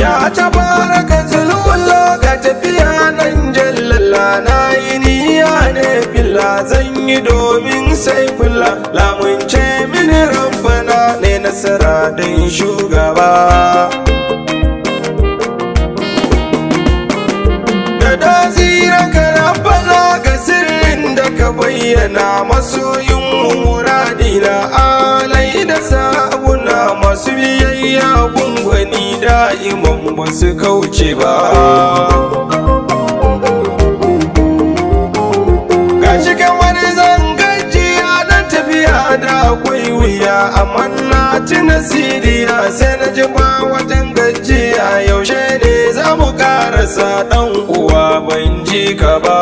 ya tabaraka zulullah ga tafiya nan jallalla na yi niyya ne filla zan yi domin sai fulla min mini rabbana ne nasara don shugaba da daziraka rabbana ga sirrin da ka bayyana masoyin muradina alai da sabuna masu biyayya da'iman ba su kauce ba gashi kamar zangajiya don tafiya da akwai wuya amma na ci nasiriya sai na ji ba wajen gajiya yaushe ne za mu karasa dan uwa ban ji ka ba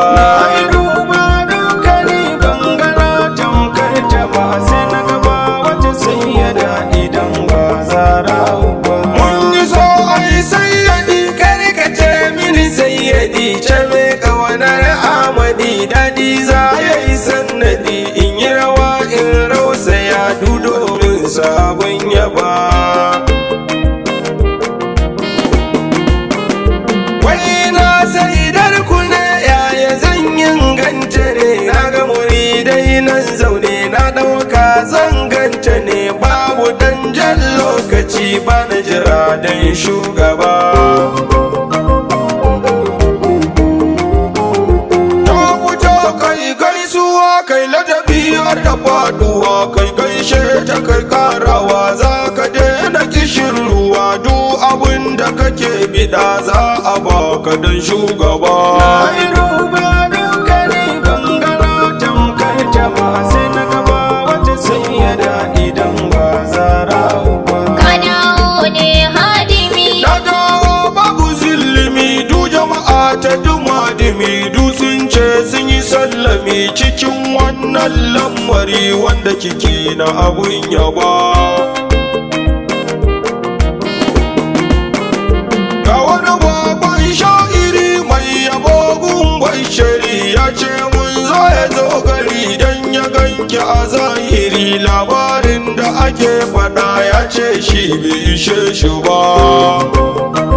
mulki bana jira dan shugaba har da faduwa kai gaishe ta kai karawa za ka daina kishin ruwa duk abin da kake bida za a baka don shugaba. cikin wannan lamari wanda kike na abun yaba ga wani babban sha'iri mai yabo gungon ya ce mun zo ya zo gari don ya ganki a zahiri labarin da ake faɗa ya ce shi bai ishe shi ba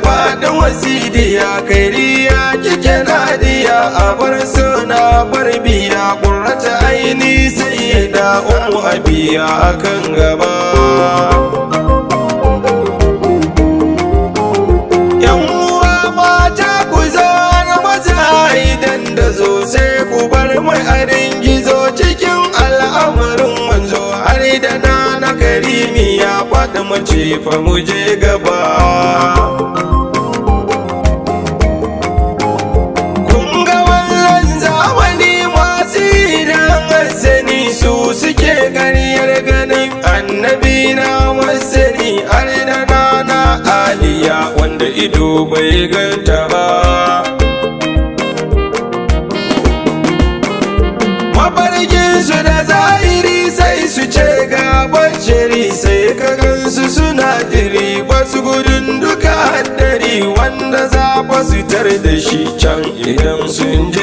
faɗin wasidiya kariya kike nadiya a bar suna bar biya ƙurrata aini sai da umu abiya akan gaba idan da zo sai ku bar mai arin gizo cikin al'amarin manzo har da na karimi ya faɗa mace fa mu gaba bai ganta ba mafarkinsu na zahiri sai su ce ga bacci sai ka suna diri wasu gudun duka haddari wanda za su tar da shi can idan sun je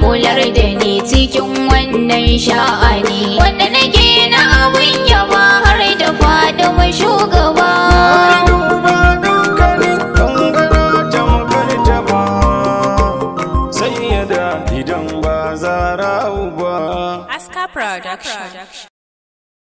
kular da ni cikin wannan sha'ani wanda nake na abin yaba har da idan shugaba Production. Production.